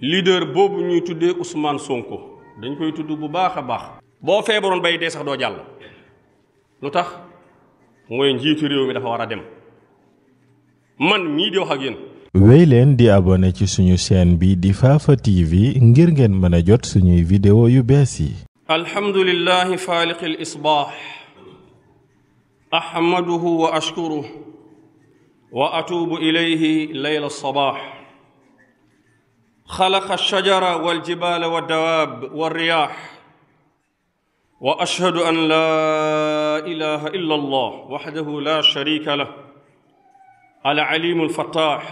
leader boobu ñuy tuddee Ousmane Sonko dañ koy tudd bu baax a baax. boo feebaroon bay dee sax doo jàll lu tax mooy njiitu réew mi dafa war a dem man mii di wax ak yéen. wéy leen di abone ci suñu seen bi di Fafa TV ngir ngeen mën a jot suñuy vidéo yu bees yi. alhamdulillahi faaliqil isbaax ahmaduhu wa ashkuruhu wa atuubu ilayhi layla sabaax. خلق الشجر والجبال والدواب والرياح واشهد ان لا اله الا الله وحده لا شريك له العليم الفتاح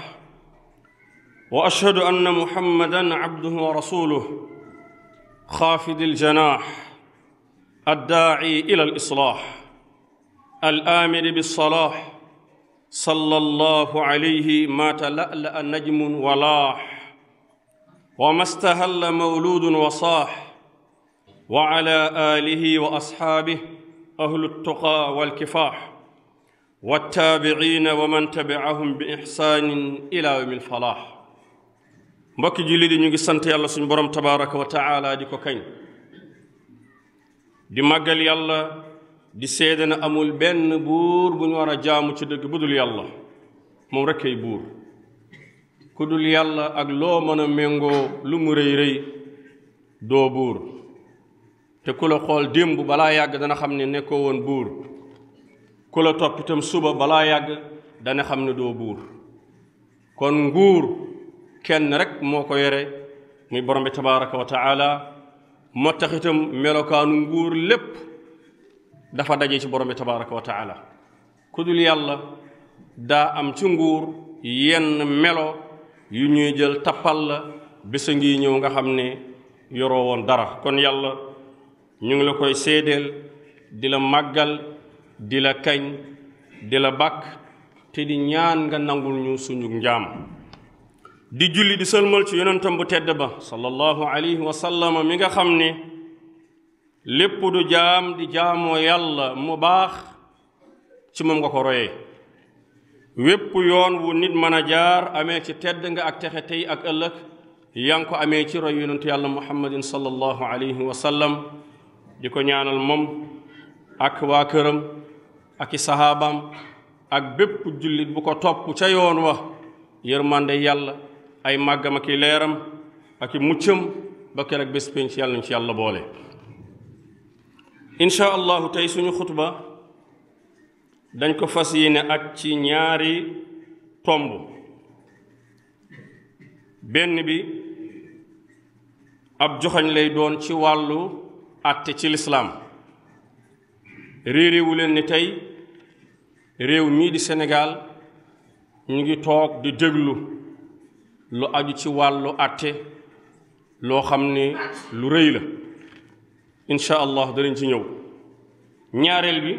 واشهد ان محمدا عبده ورسوله خافض الجناح الداعي الى الاصلاح الامر بالصلاح صلى الله عليه ما تلالا نجم ولاح وما استهل مولود وصاح وعلى آله وأصحابه أهل التقى والكفاح والتابعين ومن تبعهم بإحسان إلى يوم الفلاح mbokki julli di ñu ngi sant yàlla suñu borom tabaraka wa taala di ko kañ di màggal yàlla di seede amul benn buur bu ñu a jaamu ci dëgg budul yàlla moom buur ku dul yàlla ak loo mën a méngoo lu mu rëy rëy doo buur te ku la xool démb balaa yàgg dana xam ne nekkoo woon buur ku la topp suba balaa yàgg dana xam ne doo buur kon nguur kenn rek moo ko yore muy borom bi tabaraka wa taala moo tax melokaanu nguur lépp dafa daje ci borom bi tabaraka wa taala ku dul yàlla daa am ci nguur yenn melo yu ñuy jël tappal la bés a ngi ñëw nga xam ne yoroo woon dara kon yàlla ñu ngi la koy seedeel di la màggal di la kañ di la bàkk te di ñaan nga nangul ñu suñu njaam di julli di sëlmal ci yonentam bu tedd ba sallallahu alayhi wa sallam mi nga xam ne lépp du jaam di jaamoo yàlla mu baax ci moom nga ko royee wépp yoon wu nit mën a jaar amee ci tedd nga ak texe tey ak ëllëg yaa ko amee ci roy yonentu yàlla muhammadin sallallahu alayhi wa sallam di ko ñaanal moom ak waa këram ak i sahaabam ak bépp jullit bu ko topp ca yoon wa yërmande yàlla ay màggam ak i leeram ak i muccam ba keroog bés penc yàlla nañ ci yàlla boole incha allahu tey suñu xutba dañ ko fas yéene ak ci ñaari tomb benn bi ab joxañ lay doon ci wàllu àtte ci lislaam réeréewu leen ni tey réew mii di senegaal ñu ngi toog di déglu lu aju ci wàllu àtte loo xam ni lu rëy la incha allah danañ ci ñëw ñaareel bi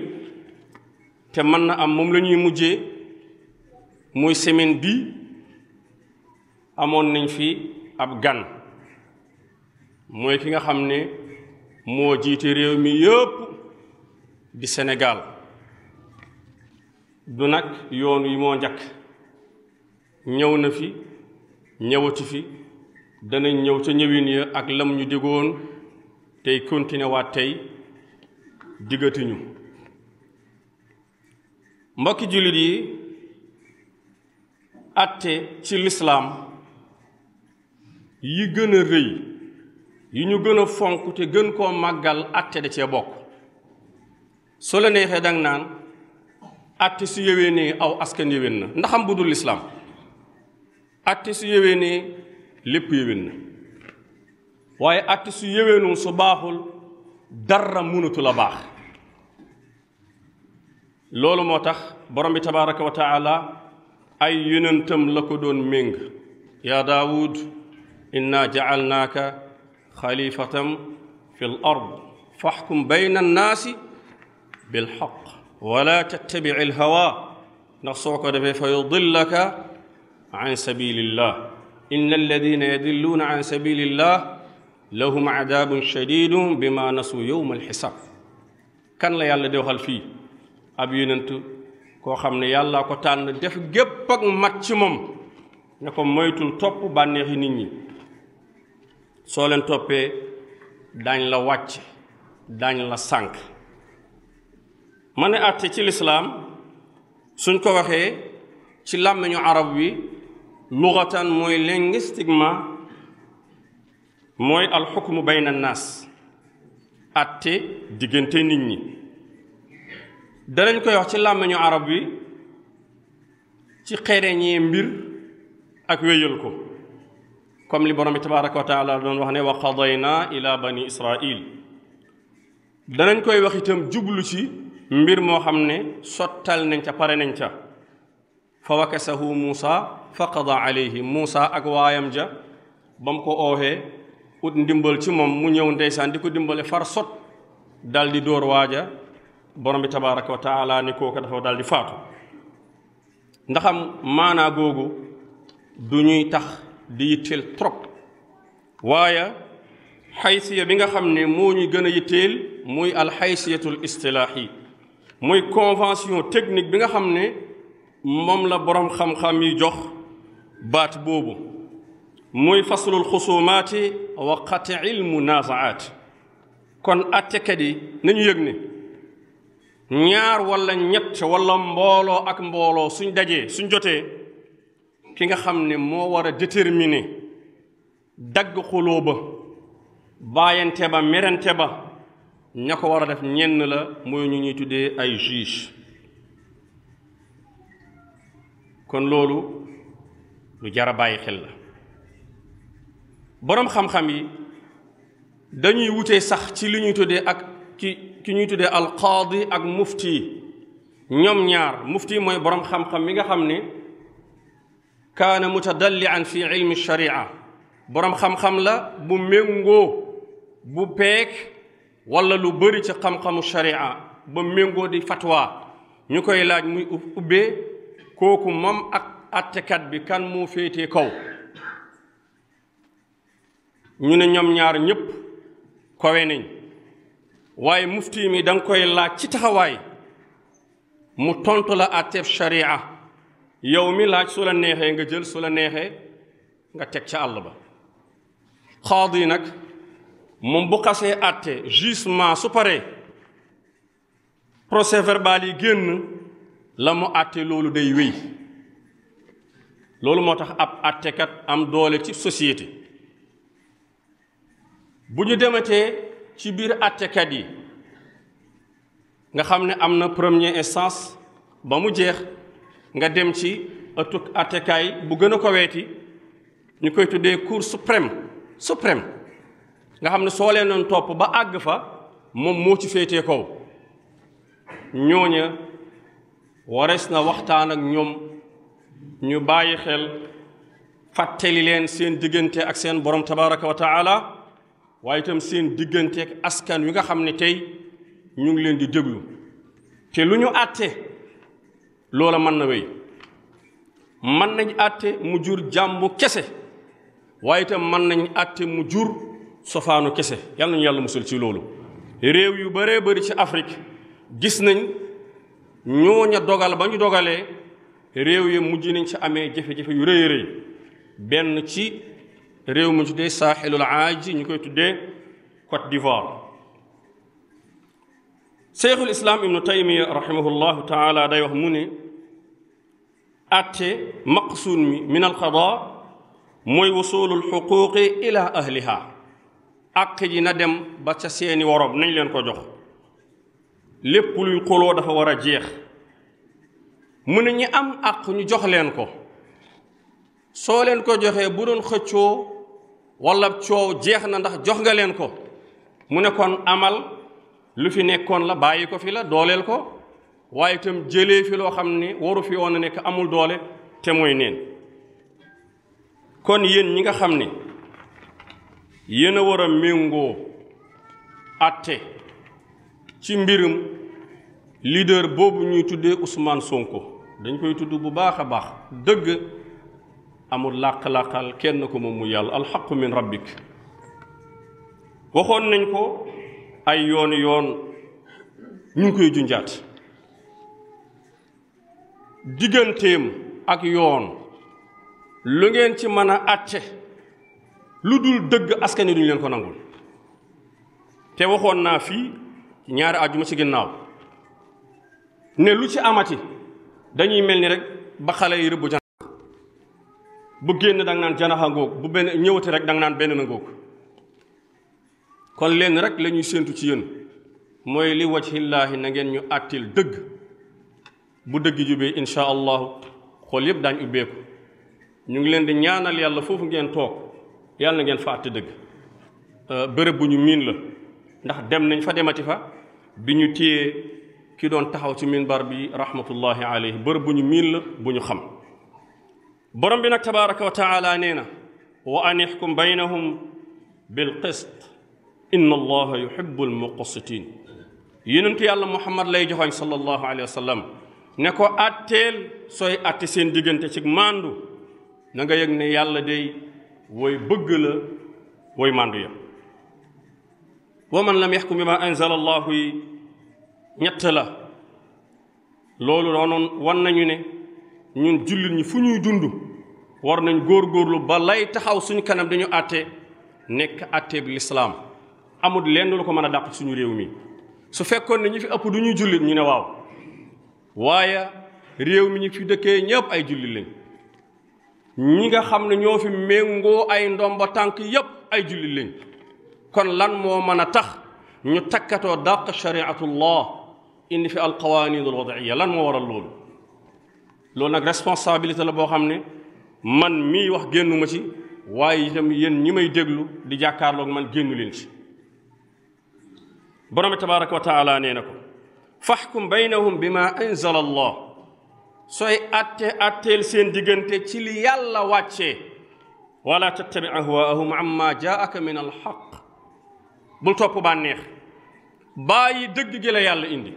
te mën na am moom lañuy mujje muy semaine bi amoon nañ fi ab gan mooy ki nga xam ne moo jiite réew mi yëpp di Sénégal du nag yoon wi moo njëkk ñëw na fi ñëwati fi danañ ñëw ca ñëwin ya ak lam ñu digoon tey continuer waat tey diggatuñu mbokki jullit yi atte ci lislaam yi gën a rëy yi ñu gën a fonk te gën koo màggal atte da cee bokk soo la neexee dang naan atte su yëwee ne aw askan yëwén na ndaxam bu dul lislaam atte su yëwee ne lépp yëwén na waaye atte su yëweenul su baaxul dara mënatu a baax loolu moo tax borom bi tabaraka wa taala ay yonentam la ko doon méng yaa daawud inna jacalnaaka xalifatan fi l ard faxkum bayna annaasi bilxaq wala tattabici alhawa ndax soo ko defee fa yudillaka an sabilillah inna alladina yadilluuna an sabilillah lahum aadaabun shadidun bima nasuu yowma alxisaab kan la yàlla di waxal fii ab yonent koo xam ne yàlla ko tànn def gépp ak mat ci moom ne ko moytul topp bànneexi nit ñi soo leen toppee daañ la wàcc daañ la sànk ma ne àtte ci lislaam suñ ko waxee ci làmmiñu arab wi luxatan mooy linguistiquement mooy alxukmu bayna naas àtte diggante nit ñi danañ koy wax ci làmmiñu arab wi ci xereñee mbir ak wéyal ko comme li borom bi tabaraka wa doon wax ne wa qadayna ila bani israil danañ koy wax itam jublu ci mbir moo xam ne sottal nañ ca pare nañ ca fa wakasahu muusa fa qada alayhi muusa ak waayam ja ba mu ko ooxee ut ndimbal ci moom mu ñëw ndeysaan di ko dimbale far sot dal di dóor waaja borom bi tabaaraka wa taala ni kooka dafa dal di faatu ndaxam maanaa googu du ñuy tax di yitteel trop waaye xaysiya bi nga xam ne moo ñuy gën a yitteel muy alxaysiyatul istilaahi muy convention technique bi nga xam ne moom la borom xam-xam yi jox baat boobu muy faslul xusumaati wa qatiil munaazaat kon attekat yi nañu yëg ne ñaar walla ñett wala mbooloo ak mbooloo suñ dajee suñ jotee ki nga xam ne moo war a déterminer dagg xuloo ba bàyyante ba merante ba ña ko war a def ñenn la mooy ñu ñuy tuddee ay juge kon loolu lu jar a bàyyi xel la boroom xam-xam yi dañuy wutee sax ci li ñuy tuddee ak ci ki ñuy tuddee alqaadi ak mufti ñoom ñaar mufti mooy borom xam-xam mi nga xam ne kaana mutadallian fi ilmi sharia borom xam-xam la bu méngoo bu peek wala lu bëri ci xam-xamu sharia ba méngoo di fatwa ñu koy laaj muy ubbee kooku moom ak attekat bi kan mu féetee kaw ñu ne ñoom ñaar ñëpp kowe nañ waaye mufti mi da nga koy laaj ci taxawaay mu tontu la àtteeb sharia yow mi laaj su la neexee nga jël su la neexee nga teg ca àll ba di nag moom bu xasee àtte jugement su pare procès verbal yi génn la mu àtte loolu day wéy loolu moo tax ab àttekat am doole ci société bu ñu dematee ci biir àttekat yi nga xam ne am na première instance ba mu jeex nga dem ci ëttu àttekaay bu gën a ko weeti ñu koy tuddee cour suprême suprême nga xam ne soo leen doon topp ba àgg fa moom moo ci féetee kaw ñooña warees na waxtaan ak ñoom ñu bàyyi xel fàttali leen seen diggante ak seen borom tabaraka wa waaye itam seen digganteeg askan wi nga xam ne tey ñu ngi leen di déglu te lu ñu àtte loola mën na wéy mën nañ àtte mu jur jàmbu kese waaye itam mën nañ àtte mu jur sofaanu kese yàlla nañu yàlla musal ci loolu réew yu bëree bëri ci Afrique gis nañ ñooña dogal ba ñu dogalee réew yi mujj nañ ci amee jafe-jafe yu rëy rëy benn ci réew mu tuddee saaxilul aaj ñu koy tuddee Côte d'Ivoire cheikhul islaam ibnu taymiya rahimahullahu taala day wax mu ne atte maqsuun mi min alqada mooy wusulul xuquuqi ila ahliha àq ji na dem ba ca seeni worom nañ leen ko jox lépp luy xuloo dafa war a jeex mu ne ñi am àq ñu jox leen ko soo leen ko joxee bu doon xëccoo wala coow jeex na ndax jox nga leen ko mu ne kon amal lu fi nekkoon la bàyyi ko fi la dooleel ko waaye itam jële fi loo xam ne waru fi woon a nekk amul doole te mooy neen kon yéen ñi nga xam ne yéen a war a méngoo atte ci mbirum leader boobu ñuy tuddee Ousmane Sonko dañ koy tudd bu baax a baax dëgg amul làq-làqal kenn ko moom mu yàlla alxaqu min rabbik waxoon nañ ko ay yoon yoon ñu ngi koy junjaat digganteem ak yoon lu ngeen ci mën a àtte lu dul dëgg askan duñu leen ko nangul te waxoon naa fii ñaari àjjuma ci ginnaaw ne lu ci amati dañuy mel ni rek ba xale yi rëbb bu génn danga naan janaxa ngóog bu benn ñëwati rek danga naan benn na ngóog kon lenn rek lañuy ñuy séentu ci yéen mooy li wajhillaahi na ngeen ñu àttil dëgg bu dëgg jubee insha allahu xool yëpp daañ ubbeeku ñu ngi leen di ñaanal yàlla foofu ngeen toog yàlla na ngeen fa àtti dëgg euh, bërëb bu ñu miin la ndax dem nañ fa demati fa bi ñu téye ki doon taxaw ci miin bar bi rahmatullahi alayhi bërëb bu ñu miin la bu ñu xam borom bi nag tabaraka wa taala nee na wa an ixkum baynahum bil qist inna allaha yuhibu almuqsitin yonentu yàlla muhammad lay joxoñ sallallahu alayhi wa sallam ne ko àtteel sooy àtte seen diggante ci màndu nanga nga yëg ne yàlla day wooy bëgg la wooy màndu ya wa man lam yaxkum bi ma anzala allahu yi ñett la loolu doonoon wan nañu ne ñun jullit ñi fu ñuy dund war nañ góorgóorlu ba lay taxaw suñu kanam dañu àtte nekk àtte bi lislaam amut lenn lu ko mën a dàq suñu réew mi su fekkoon ne ñi fi ëpp du ñuy jullit ñu ne waaw waaye réew mi ñu fi dëkkee ñëpp ay jullit lañ ñi nga xam ne ñoo fi méngoo ay ndomba tànk yëpp ay jullit lañ kon lan moo mën a tax ñu takkatoo dàq shariatullah indi fi alqawanin alwadaiya lan moo waral loolu loolu nag responsabilité la boo xam ne man mi wax génnu ci waaye itam yéen ñi may déglu di jàkkaarloog man génnu leen ci borom bi tabaraka wa taala nee na ko faxkum baynahum bi ma anzala allah sooy atte atteel seen diggante ci li yàlla wàcce wala tattabi ahwaahum amma jaaka min alxaq bul topp bànneex bàyyi dëgg gi yàlla indi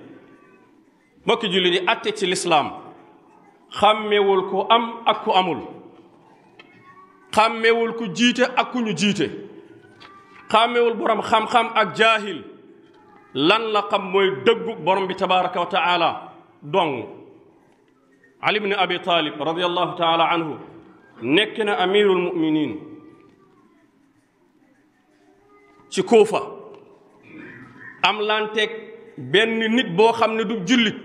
mbokki julli di atte ci lislaam xàmmewul ku am ak ku amul xàmmewul ku jiite ak ku ñu jiite xàmmewul borom xam-xam ak jaahil lan la xam mooy dëggu borom bi tabaraka wa taala don ali ibn abi talib radiallahu taala anhu nekk na amirul ci kuufa am lanteeg benn nit boo xam ne du jullit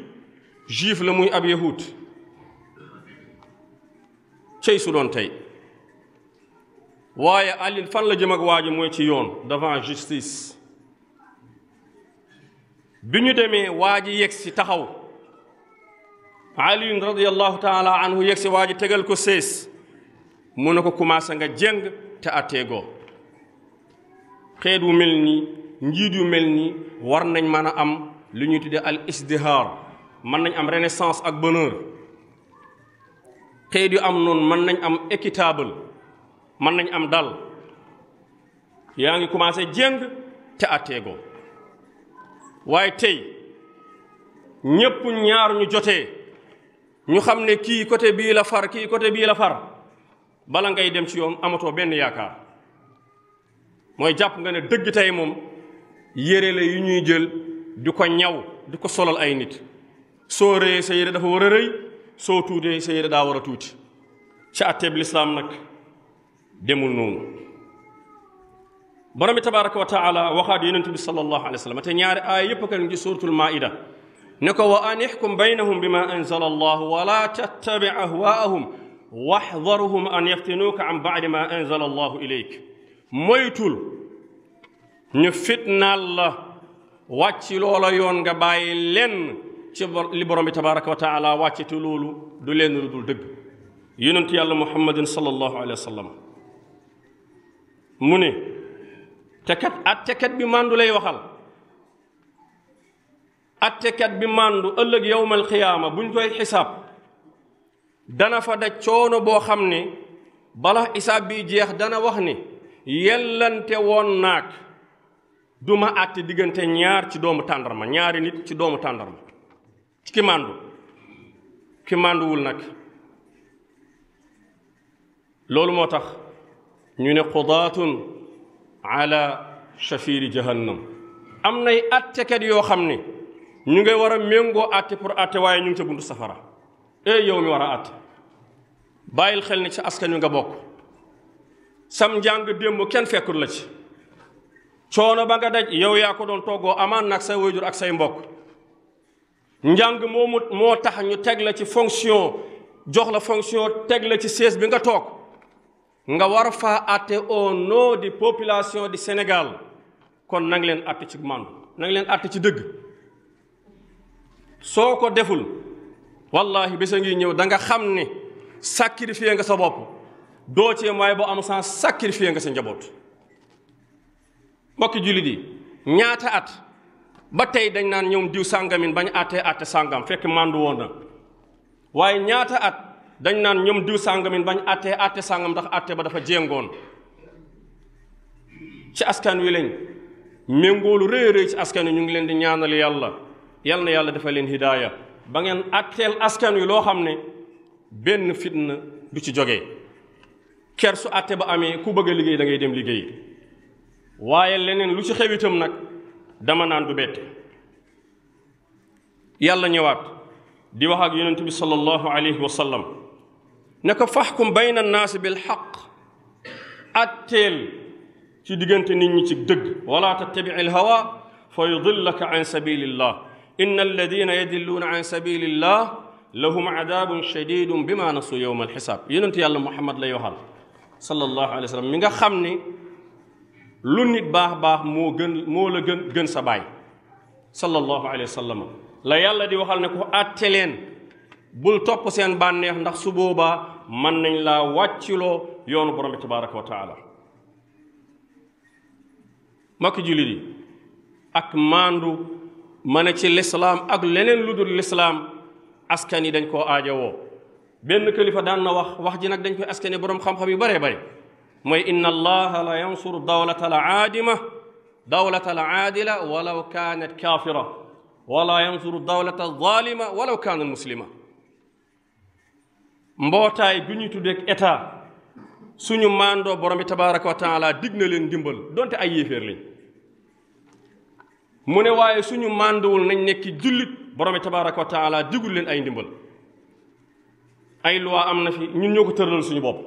juif la muy ab yahud cey su doon tey waaye Alioune fan la jëm ak waa ji mooy ci yoon devant justice bi ñu demee waa ji yegg si taxaw Alioune radiyallahu taala anhu yegg si waa ji tegal ko sées mu ne ko commencé nga jëng te atteegoo xeet wu mel nii njiit yu mel nii war nañ mën a am lu ñuy tuddee al isdihaar mën nañ am renaissance ak bonheur xeet yu am noonu mën nañ am équitable mën nañ am dal yaa ngi commencé jéng te atteegoo waaye tey ñépp ñaar ñu jotee ñu xam ne kii côté bii la far kii côté bii la far bala ngay dem ci yoon amatoo benn yaakaar mooy jàpp nga ne dëgg tey moom yére la yi ñuy jël di ko ñaw di ko solal ay nit soo rëyee sa yére dafa war a rëy soo tuutee sa yére daa war a tuuti ci àtteeb lislaam nag demul noonu borom bi tabaraka wa taala waxaat yonent bi sallallahu alayhi ci ne ko wa an ixkum baynahum bi ma anzala allahu wala tattabi ahwaahum waxdaruhum an yaftinuuka an baadi ma anzala allahu ilayk moytul ñu fitnaal la wàcc loola yoon nga bàyyi lenn li borom bi tabaraka wa taala wàcce te du lenn lu dul dëgg yonent yàlla muhammadin sallallahu alayhi wa sallam mu ne tekat attekat bi màndu lay waxal attekat bi màndu ëllëg yowmal xiyaama buñ koy xisaab dana fa daj coono boo xam ne bala xisaab bi jeex dana wax ni yellante woon naag duma àtte diggante ñaar ci doomu tàndarma ñaari nit ci doomu tàndarma ci ki màndu ki mànduwul nag loolu moo tax ñu ne qudaatun ala shafiri jahannam am nay attekat yoo xam ni ñu ngay war a méngoo atte pour atte waaye ñu ngi ca buntu safara ey yow mi war atte bàyyil xel ne ci askan wi nga bokk sam njàng démb kenn fekkul la ci coono ba nga daj yow yaa ko doon toggoo amaan nag say waajur ak say mbokk njàng moomu moo tax ñu teg la ci fonction jox la fonction teg la ci sees bi nga toog nga war faa atte au di de population du Sénégal kon nang leen atte ci man nang leen atte ci dëgg soo ko deful wallahi bés a ngi ñëw danga nga xam ne sacrifié nga sa bopp doo cee may boo am sans sacrifié nga sa njaboot mbokki julli yi ñaata at ba tey dañ naan ñoom diw sàngamin bañ attee atte sàngam fekk màndu woon na waaye ñaata at dañ naan ñoom diw sàngamin bañ àttee àtte sàngam ndax àtte ba dafa jengoon ci askan wi lañ méngoolu rëy rëy ci askan wi ñu ngi leen di ñaanal yàlla yal na yàlla dafa leen hidaaya ba ngeen àtteel askan wi loo xam ne benn fitna du ci joge ker su àtte ba amee ku bëgg liggéey dangay dem liggéey waaye leneen lu ci xew nag dama naan du bette yàlla ñëwaat di wax ak yonent bi sallallahu alayhi wa ne ko faxkum bayna naasi bil xaq atteel ci diggante nit ñi ci dëgg wala tattabici alhawa fa yudillaka an sabilillah inna alladina yadilluuna an sabilillah lahum adabun shadidun bima nasu yowma alxisaab yonent yàlla muhammad lay waxal sallallahu alayhi wa sallam mi nga xam ni lu nit baax baax moo gën moo la gën gën sa baay sallallahu alayhi wa sallam la yàlla di waxal ne ko atte leen bul topp seen bànneex ndax su boobaa mën nañ laa wàcciloo yoonu borom bi tabaraka wa taala mbokki jullit yi ak maandu ma ne ci lislaam ak leneen lu dul lislaam askan yi dañ koo aajowoo benn kilifa daan na wax wax ji nag dañ koy askane borom xam-xam yu bëree bëri mooy inna allaha la yansuru dawlata al aadima dawlata al aadila walaw kaanat kaafira wala yansuru dawlata al zalima walaw kaanat muslima mbootaay du ñuy tuddee ak état suñu maandoo borom bi tabaaraka wa taala dig na leen ndimbal donte ay yéeféer lañ mu ne waaye suñu mànduwul nañ nekk jullit borom bi tabaaraka wa taala digul leen ay ndimbal ay loi am na fi ñun ñoo ko tëralal suñu bopp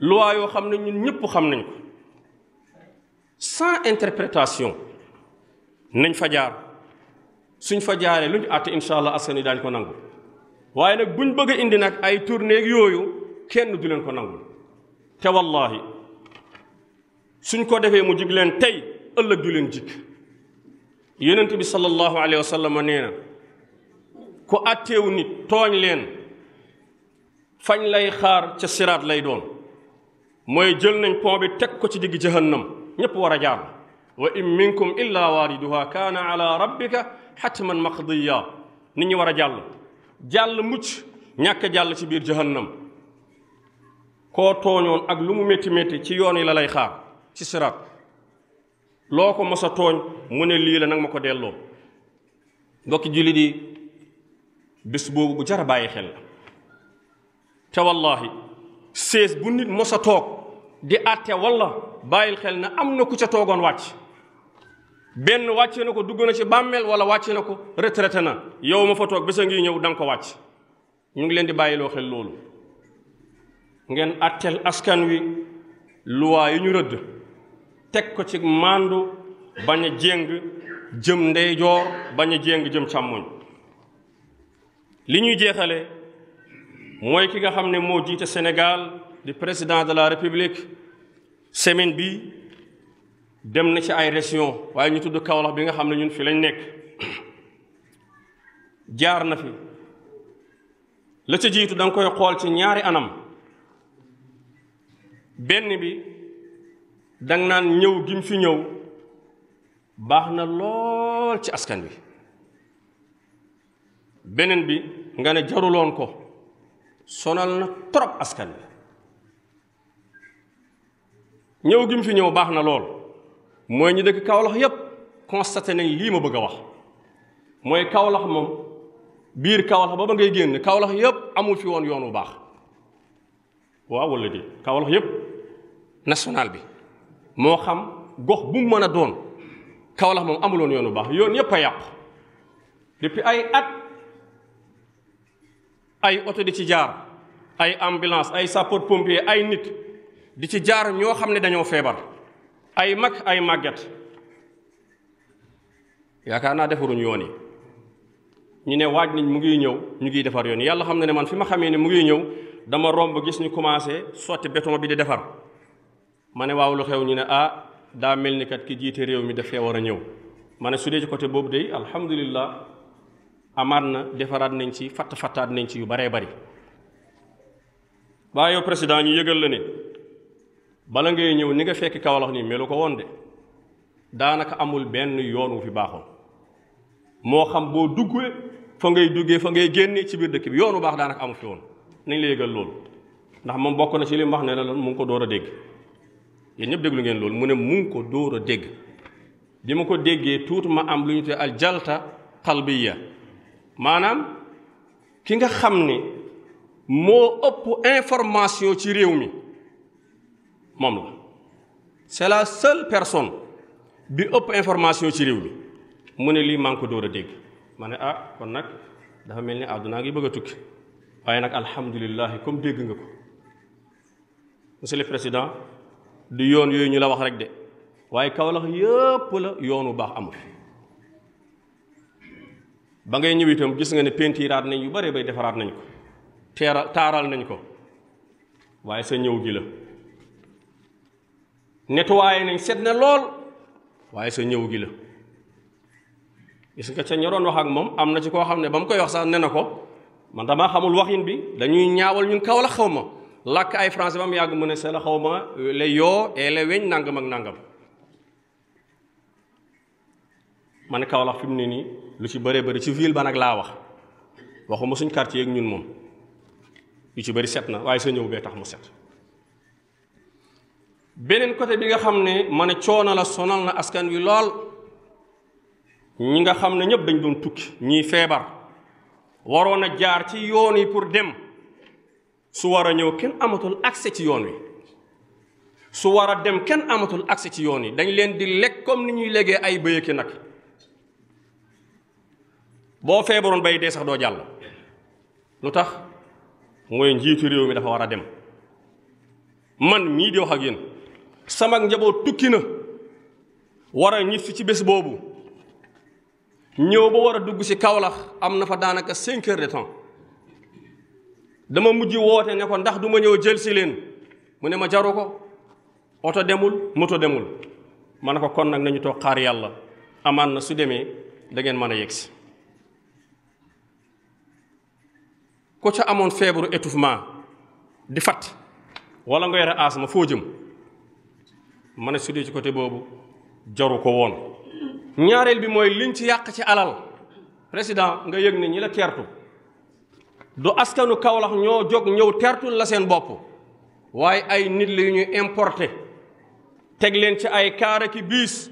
loi yoo xam ne ñun ñëpp xam nañ ko sans interprétation nañ fa jaar suñ fa jaaree lu ñu àtte incha allah askan wi daañu ko nangu. waaye nag buñ bëgg a indi nag ay tournéeg yooyu kenn du leen ko nangul te wallaahi suñ ko defee mu jig leen tey ëllëg du leen jik yonent bi sallallahu alayhi wa sallam nee na ku àtteewu nit tooñ leen fañ lay xaar ca siraat lay doon mooy jël nañ pont bi teg ko ci digg jahannam ñépp war a jaar wa in minkum illa waariduha kaana ala rabbika xatman maqdiya ni ñi war a jàll jàll mucc ñàkk jàll ci biir jahannam koo tooñoon ak lu mu métti metti ci yoon yi la lay xaar ci siraat loo ko mos a tooñ mu ne lii la nag ma ko delloo mbokki jullit yi bés boobu bu jara bàyyi xel la te wallaahi sées bu nit mos a toog di àtte walla bàyyil xel na am na ku ca toogoon wàcc benn wàcce na ko dugg na ci bàmmeel wala wàcce na ko retraité na yow ma fa toog bés a ngi ñëw danga ko wàcc ñu ngi leen di bàyyiloo xel loolu ngeen àtteel askan wi luwaa yi ñu rëdd teg ko ci màndu bañ a jéng jëm ndeyjoor bañ a jéng jëm càmmoñ li ñuy jeexale mooy ki nga xam ne moo jiite Sénégal di président de la République semaine bi dem na ci ay région waaye ñu tudd Kaolack bi nga xam ne ñun fi lañ nekk jaar na fi la ca jiitu danga koy xool ci ñaari anam benn bi dang naan ñëw gim fi ñëw baax na lool ci askan wi beneen bi nga ne jaruloon ko sonal na torop askan wi ñëw gim fi ñëw baax na lool mooy ñu dëkk Kaolack yépp constaté nañ lii ma bëgg a wax mooy Kaolack moom biir kawlax ba ba ngay génn Kaolack yépp amul fi woon yoon wu baax waaw wala di Kaolack yépp national bi moo xam gox bu mu mën a doon kawlax moom amuloon yoon wu baax yoon yépp a yàqu depuis ay at ay oto di ci jaar ay ambulance ay sapeur pompier ay nit di ci jaar ñoo xam ne dañoo feebar ay mag ay màgget yaakaar naa defaruñ yoon yi ñu ne waaj nañ mu ngi ñëw ñu ngiy defar yoon yàlla xam na ne man fi ma xamee ne mu ngi ñëw dama romb gis ñu commencé sotti béton bi di defar ma ne waaw lu xew ñu ne ah daa mel ni kat ki jiite réew mi dafee war a ñëw ma ne su dee ci côté boobu de alhamdulilah amaat na defaraat nañ ci fatt fattaat nañ ci yu baree bari waaye président ñu yëgal la ne bala ngay ñëw ni nga fekk Kawlax nii melu ko woon de daanaka amul benn yoon wu fi baaxoon moo xam boo duggee fa ngay duggee fa ngay génne ci biir dëkk bi yoon yoonu baax daanaka amu fi woon nañ la yëgal loolu ndax moom mbokk na ci li wax ne la lan mu ngi ko door a dégg yéen ñëpp déglu ngeen loolu mu ne mu ngi ko door a dégg bi ma ko déggee tuuti ma am lu ñu te al jalta qalbiya maanaam ki nga xam ni moo ëpp information ci réew mi moom la c'est la seule personne bi ëpp information ci réew bi mu ne lii maa ngi ko dóor a dégg ma ne ah kon nag dafa mel ni àdduna ngi bëgg a tukki waaye nag alhamdulilah comme dégg nga ko monsieur le président di yoon yooyu ñu la wax rek de waaye Kaolack yëpp la yoonu baax amul ba ngay ñëw itam gis nga ne pentiraat nañ yu bare bay defaraat nañ ko teera taaral nañ ko waaye sa ñëw gi la nettoyé nañ set na lool waaye sa ñëw gi la gis nga ca ña doon wax ak moom am na ci koo xam ne ba koy wax sax ne ko man damaa xamul waxin bi dañuy ñaawal ñun kaw la xaw ma làkk ay français yàgg mu ne sa la xaw ma la yoo et la nangam ma ne Kaolack fi mu ne nii lu ci bëree bëri ci ville ba nag laa wax waxuma suñ quartier ak ñun moom yu ci bëri set na waaye sa ñëw bee tax mu set beneen côté bi nga xam ne ma ne coono la sonal na askan wi lool ñi nga xam ne ñëpp dañ doon tukki ñiy feebar waroon a jaar ci yoon yi pour dem su war a ñëw kenn amatul accès ci yoon wi su war a dem kenn amatul accès ci yoon yi dañ leen di lekk comme ni ñuy legee ay bëyëki nag boo feebaroon bay dee sax doo jàll lu tax mooy njiitu réew mi dafa war a dem man mii di wax ak yéen sama njaboot tukki na war a ñibbisi ci bés boobu ñëw ba war a dugg ci Kaolack am na fa daanaka cinq heures de temps dama mujj woote ne ko ndax duma ma ñëw jël si leen mu ne ma jaru ko oto demul moto demul ma ne ko kon nag nañu toog xaar yàlla amaan na su demee dangeen ngeen mën a si ko ca amoon feebaru étouffement di fat wala nga yore asma foo jëm mën a sudee ci côté boobu joru ko woon ñaareel bi mooy liñ ci yàq ci alal président nga yëg ne ñi la teertu du askanu kawlax ñoo jóg ñëw teertul la seen bopp waaye ay nit la ñuy importé teg leen ci ay kaara ki biis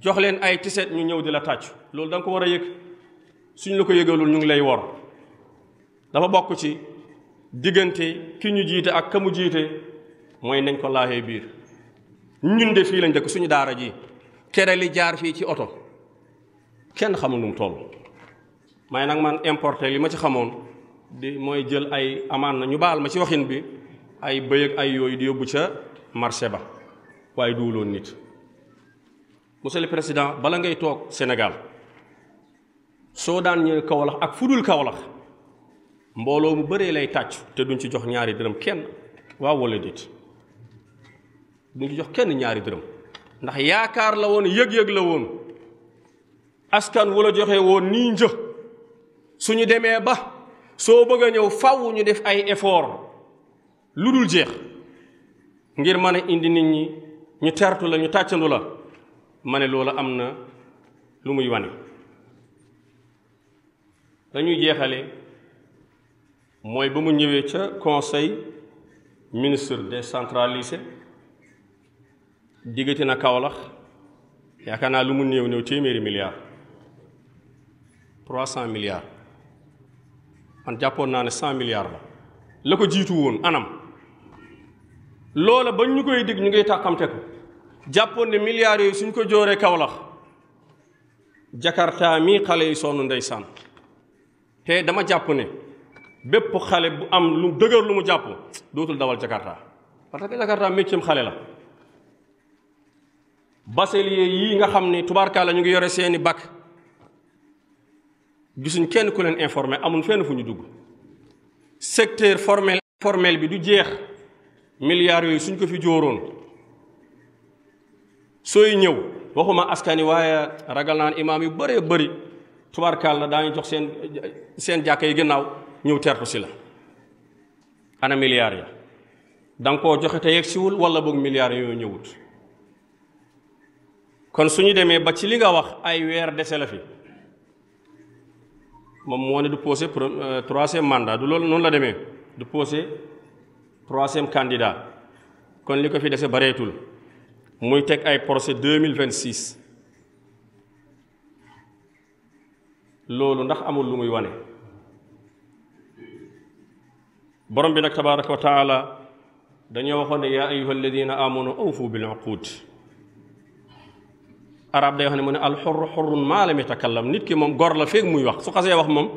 jox leen ay tiset ñu ñëw di la tàcc loolu danga ko war a yëg suñ la ko yëgalul ñu ngi lay wor dafa bokk ci diggante ki ñu jiite ak ka mu jiite mooy nañ ko laajee biir ñun de fii lañ dëkk suñu daara ji kere li jaar fii ci oto kenn xamul nu mu may nag man importé li ma ci xamoon di mooy jël ay amaan na ñu baal ma ci waxin bi ay bëy ak ay yooyu di yóbbu ca marché ba waaye duwuloon nit monsieur le président bala ngay toog Sénégal soo daan ñëw Kawlax ak fudul Kawlax mbooloo mu bëree lay tàcc te duñ ci jox ñaari dërëm kenn waaw wala déet duñu jox kenn ñaari dërëm ndax yaakaar la woon yëg-yëg la woon askan wu la joxe woon nii një suñu demee ba soo bëgg ñëw faw ñu def ay effort lu dul jeex ngir mën a indi nit ñi ñu tertu la ñu tàccandu la ma ne loola am na lu muy wane dañuy jeexale mooy ba mu ñëwee ca conseil ministre décentralisé diggati na Kaolack yaakaar naa lu mu néew néew téeméeri milliards trois cent milliards man jàppoon naa ne cent milliards la la ko jiitu woon anam loola ba ñu koy dig ñu ngi tàkkamte ko jàppoon ne milliards yooyu suñ ko jooree Kaolack Jakarta mii xale yi sonn ndeysaan te dama jàpp ne bépp xale bu am lu dëgër lu mu jàpp dootul dawal Jakarta parce que Jakarta métier xale la bachelier yii nga xam ni la ñu ngi yore seeni bac gisuñ kenn ku leen informé amul fenn fu ñu dugg secteur formel informel bi du jeex milliards yooyu suñ ko fi jóoroon sooy ñëw waxuma askani waaye ragal naan imaam yu baree bari tubaarkaal la daañu jox seen seen jàkka yi gannaaw ñëw tertu si la anna milliards ya da koo joxe te yegg siwul wala boog milliards yooyu ñëwut kon su ñu demee ba ci li nga wax ay weer dese la fi moom moo ne du posé euh, troisième mandat du loolu noonu la demee du posé troisième candidat kon li ko fi dese bareetul muy teg ay procès deux mille vingt six loolu ndax amul lu muy wane borom bi nag tabaraka wa taala dañoo waxoon ne yaa ayuha alladina amanu awfu bil xuut arab day wax ne mu ne alxurru xurrun maalam yatakallam nit ki moom gor la feeg muy wax su xasee wax moom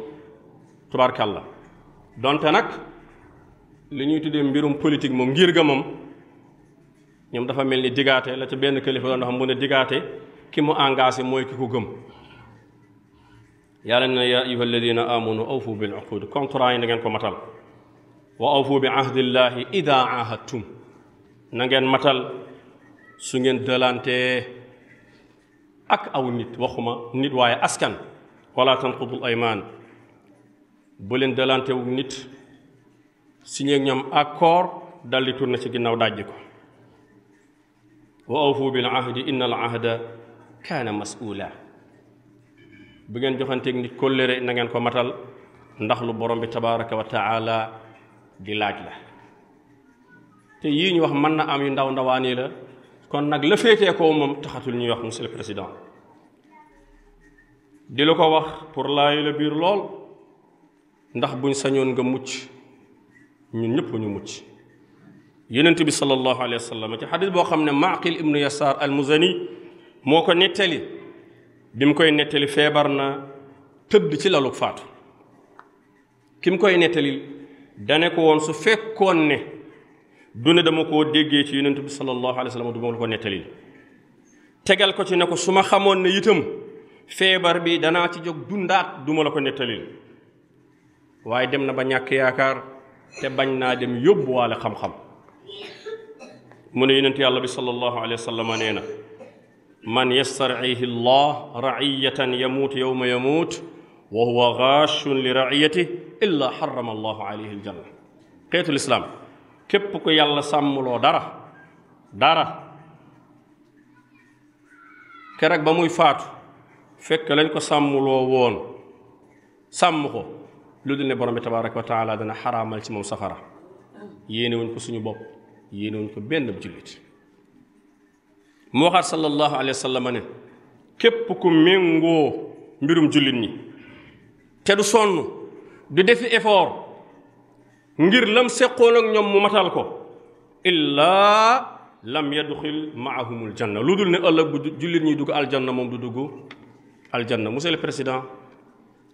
tubaarkàlla donte nag li ñuy tuddee mbirum politique moom ngir ga moom ñoom dafa mel ni digaate la ca benn kilifa doon xam mu ne digaate ki mu engagé mooy ki ko gëm yàlla ne yi na ngeen ko matal wa awfu bi matal su ngeen dalantee ak aw nit waxuma nit waaye askan wala tanqudul aymaan bu leen dalantewu nit signé ak ñoom accord daldi tourné ci ginnaaw dajji ko wa awfu bil ahdi inna al ahda kaana mas'uula bu ngeen joxanteeg nit kóllëre na ngeen ko matal ndax lu borom bi tabaraka wa taala di laaj la te yii ñu wax mën na am yu ndaw ndawaani la kon nag la féetee ko moom taxatul ñuy wax monsieur le président di la ko wax pour laay la biir lool ndax buñ sañoon nga mucc ñun ñëpp ñu mucc yonent bi sallallahu alayhi wa sallam ci xadis boo xam ne maqil ibnu yasaar al muzani moo ko nettali bi mu koy nettali feebar na tëdd ci lalu faatu ki mu koy nettali dane ko woon su fekkoon ne dune ne dama ko déggee ci yonent bi sallallahu alayhi wa sallam du ma la ko nettali tegal ko ci ne ko su ma xamoon na itam feebar bi danaa ci jóg dundaat du ma la ko nettali waaye dem na ba ñàkk yaakaar te bañ naa dem yóbbuwaale xam-xam mu ne yonent yàlla bi sallallahu alayhi wa sallam nee na man yastarcihi llah raciyatan yamuut yowma yamuut wa huwa gaachun li raciyatih illa xarama allahu alayhi aljanna xeetul islaam képp ku yàlla sàmmuloo dara dara keroog ba muy faatu fekk lañ ko sàmmuloo woon sàmm ko lu dul ne borom bi tabaaraka wa dana xaraamal ci moom safara yéenewuñ ko suñu bopp yéenewuñ ko benn jullit mu waxaat sallallahu alayhi wa ne képp ku méngoo mbirum jullit ñi te du sonn du defi effort ngir lam seqoon ak ñoom mu matal ko illaa lam yadxil maahumul janna lu dul ne ëllëg bu jullit ñuy dugg aljanna moom du dugg aljanna monsieur le président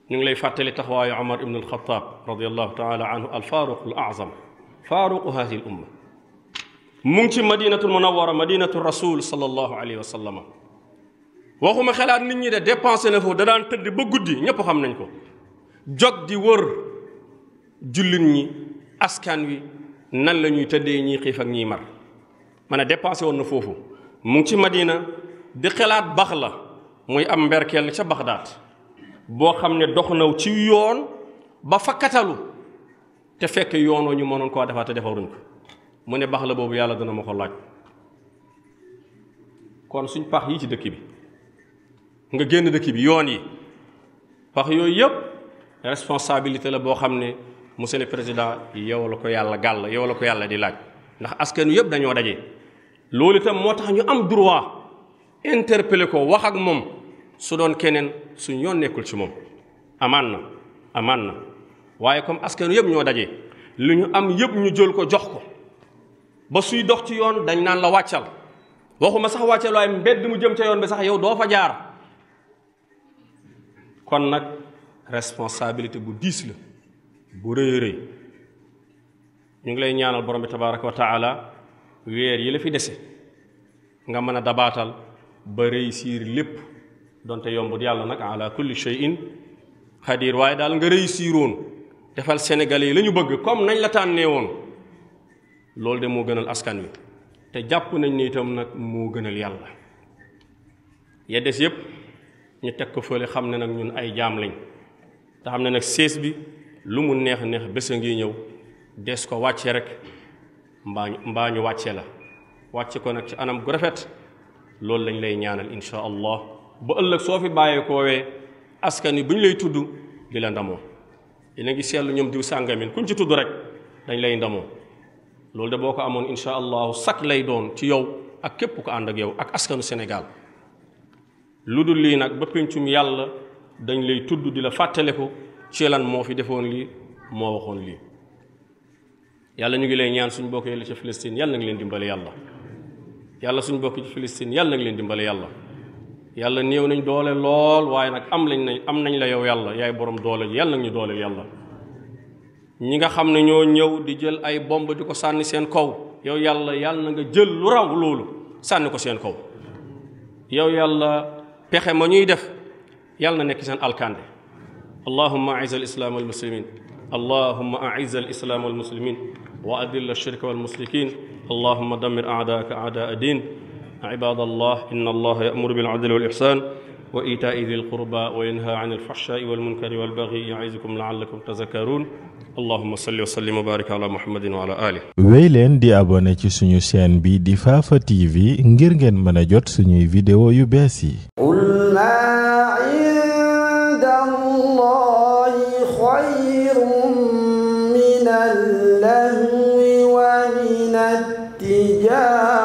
ñu ngi lay fàttali taxawaayu Omar ibn al-Khattab radiyallahu taala anhu al-Faaruq al-Azam faaruqu haadihi al-umma mu ngi ci madinatul munawwara madinatul rasul sallallahu alayhi wa sallam waxuma xalaat nit ñi de dépensé na foofu da daan tëdd ba guddi ñépp xam nañ ko jog di wër jullit ñi askan wi nan la ñuy tëddee ñiy xiif ak ñii mar ma ne dépensé woon na foofu mu ngi ci Madina di xalaat bax la muy am mberkeel ca daat boo xam ne dox naw ci yoon ba fakkatalu te fekk yoonoo ñu mënoon koo defaat te defaruñ ko mu ne bax la boobu yàlla dana ma laaj kon suñ pax yi ci dëkk bi nga génn dëkk bi yoon yi pax yooyu yëpp responsabilité la boo xam ne monsieur le président yow la ko yàlla gàll yow la ko yàlla di laaj ndax askan yëpp dañoo daje loolu itam moo tax ñu am droit interpeller ko wax ak moom su doon keneen suñ yoon nekkul ci moom amaan na amaan na waaye comme askan yëpp ñoo daje li ñu am yëpp ñu jël ko jox ko ba suy dox ci yoon dañ naan la wàccal waxuma sax wàccal waaye mbedd mu jëm ca yoon bi sax yow doo fa jaar kon nag responsabilité bu diis la bu rëy rëy ñu ngi lay ñaanal borom bi tabaraka wa weer yi la fi dese nga mën a dabaatal ba réussir lépp donte yombut yàlla nag ala kulli shay'in xadir waaye daal nga réussir woon defal senegal yi lañu bëgg comme nañ la tànnee woon loolu de moo gënal askan wi te jàpp nañ ne itam nag moo gënal yàlla ya des yépp ñu teg ko fële xam ne nag ñun ay jaam lañ te xam ne nag sées bi lu mu neex neex bés a ngi ñëw des ko wàcce rek mbaa mbaa ñu wàcce la wàcce ko nag ci anam gu rafet loolu lañ lay ñaanal insha allah ba ëllëg soo fi bàyyeekoowee askan wi bu ñu lay tudd di la ndamoo yéen a ngi seetlu ñoom diw sàngamin kuñ ci tudd rek dañ lay ndamoo loolu de boo ko amoon insha allahu sakk lay doon ci yow ak képp ko ànd ak yow ak askanu senegal lu dul lii nag ba pencum yàlla dañ lay tudd di la fàttale ko ci lan moo fi defoon lii moo waxoon lii yàlla ñu ngi lay ñaan suñu bokk yële ca Palestine yàlla na leen dimbale yàlla yàlla suñ bokk ci yàlla leen dimbale yàlla yàlla néew nañ doole lool waaye nag am lañ nañ am nañ la yow yàlla yaay boroom doole ji yàlla nag ñu doole yàlla ñi nga xam ne ñoo ñëw di jël ay bomb di ko sànni seen kaw yow yàlla yàlla na nga jël lu raw loolu sànni ko seen kaw yow yàlla pexe ma ñuy def yàlla na nekk seen alkande اللهم أعز الإسلام والمسلمين اللهم أعز الإسلام والمسلمين وأذل الشرك والمشركين اللهم دمر أعداءك أعداء الدين عباد الله إن الله يأمر بالعدل والإحسان وإيتاء ذي القربى وينهى عن الفحشاء والمنكر والبغي يعظكم لعلكم تذكرون اللهم صل وسلم وبارك على محمد وعلى آله wéy leen di abonné ci suñu chaîne bi di Fafa TV ngir ngeen mën a jot suñuy vidéo yu bees yi yaa